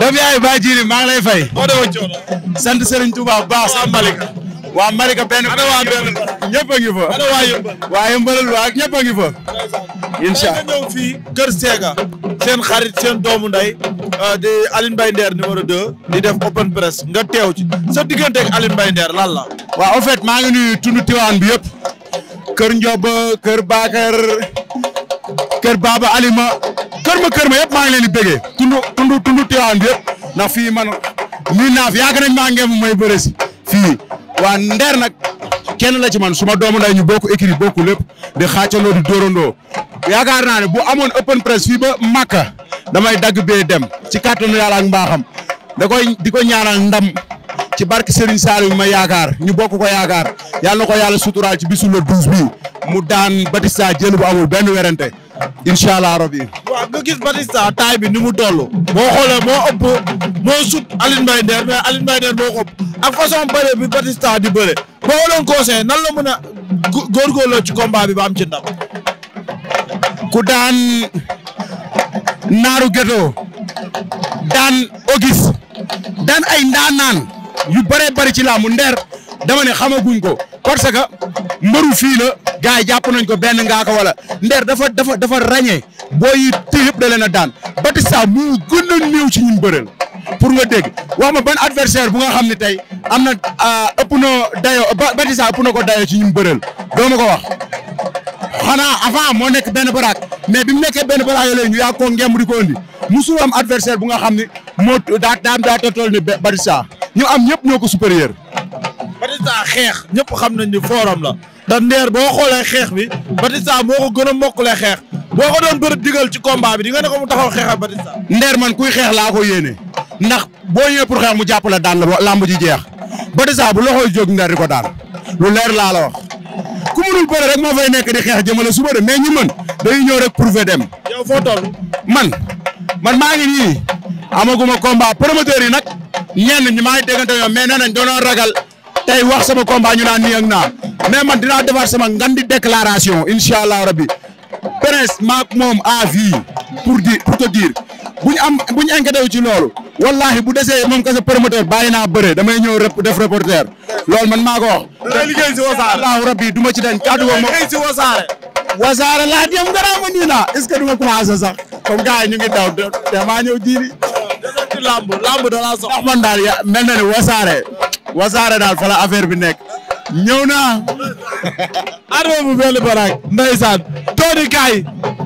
doomu yaay Baye Djili maa ngi lay fay. sant Serigne Touba bu baax. waa Malika. waa Malika benn. ana waa benn ñëpp a ngi fa. ana waa yëmbalal waa ñëpp a ngi fa. incha Kër Sega. seen xarit seen doomu nday euh, di Aline Mbaye Nder numéro 2. di def open press nga teew sa diggante ak Aline Mbaye Nder lan la. waaw maa ngi nuyu tund Tiwaan bi yëpp. Kër Ndiob Kër Bakar Kër Baba Alima kër ma kër ma yëpp maa ngi leen di bëggee tundu tundu tundu Tivaouane bi yëpp ndax fii man mii naaf yàgg nañ maa ngeem may bëre si fii waa ndeer nag kenn la ci man suma doomu nday ñu bokk écrit bokk lépp di xaacaloo di dóorandoo yaakaar naa ne bu amoon open press fii ba Makka damay dagg bee dem ci kàttanu yàlla ak mbaaxam da koy di ko ñaanal ndam ci barke Serigne Saliou may yaakaar ñu bokk ko yaakaar yàlla na ko yàlla suturaal ci bisu le mu daan Batista jël bu amul benn werante incha allah rabi. waaw nga gis Batista taay bi ni mu toll. boo xoolee moo ëpp moo sut Alioune Mbaye Nder moo ko ak façon bëre bi Batista di bëre boo doon nan la mën a góorgóorloo ci combat bi ba am ci ndam. ku daan naaru ghetto daan ogis daan ay ndaanaan yu bëree bëri ci laamu Nder dama ne xamaguñ ko. parce que mbëru fii la gars jàpp nañ ko benn ngaa ko wala ndeer dafa dafa dafa ràññee booy yi te yëpp da leen a daan Batista mu gën a néew ci ñun bëreel pour nga dégg wax ma ban adversaire bu nga xam ne tey am na euh, ëpp na dayo Batista ëpp na ko dayo ci ñun bëreel doo ma ko wax xanaa avant moo nekk benn baraak mais bi mu nekkee benn baraak yo léegi ñu yaa ko ngemb di ko indi musul am adversaire bu nga xam ne moo daa daam daa toll ni Batista ñu am ñëpp ñoo ko supérieur Batista xeex ñëpp xam nañ ni la da ndeer boo xoolee xeex bi Batista moo ko gën a mokkulee xeex boo ko doon bëri digal ci combat bi di nga ne ko mu taxaw xeex ak Batista ndeer man kuy xeex laa ko yéene ndax boo ñëwee pour xeex mu jàpp la daan la làmb ji jeex Batista bu loxoy jóg ndeer di ko daan lu leer laa la wax ku mënul bëre rek moo fay nekk di xeex jëmale suba de mais ñi mën dañuy ñëw rek prouver dem yow foo toll man man maa ngi nii amaguma combat promoteur yi nag ñenn ñi maa ngi déggante tey wax sama combat ñu naan nii naa mais man dinaa defar sama ngandi déclaration incha allah rabbi presse maak moom à vie pour dire pour te dire ñu am bu ñu inquiété wu ci loolu wallahi bu desee moom kese promoteur bàyyi naa bëre damay ñëw def reporter loolu man maa ko wax. si wasaare allahu rabbi du ci dañ kàddu boobu ma liggéey si wasaare. wasaare laa dem garaaw ma nii naa est-ce que du ma commencé sax comme ñu ngi daw te ñëw jiiri. deseeg da mel na ne wasaare. wasaare daal fa la affaire bi nekk. ñëw naa. arme bu benn baraak. ndeysaan. tooni kaay.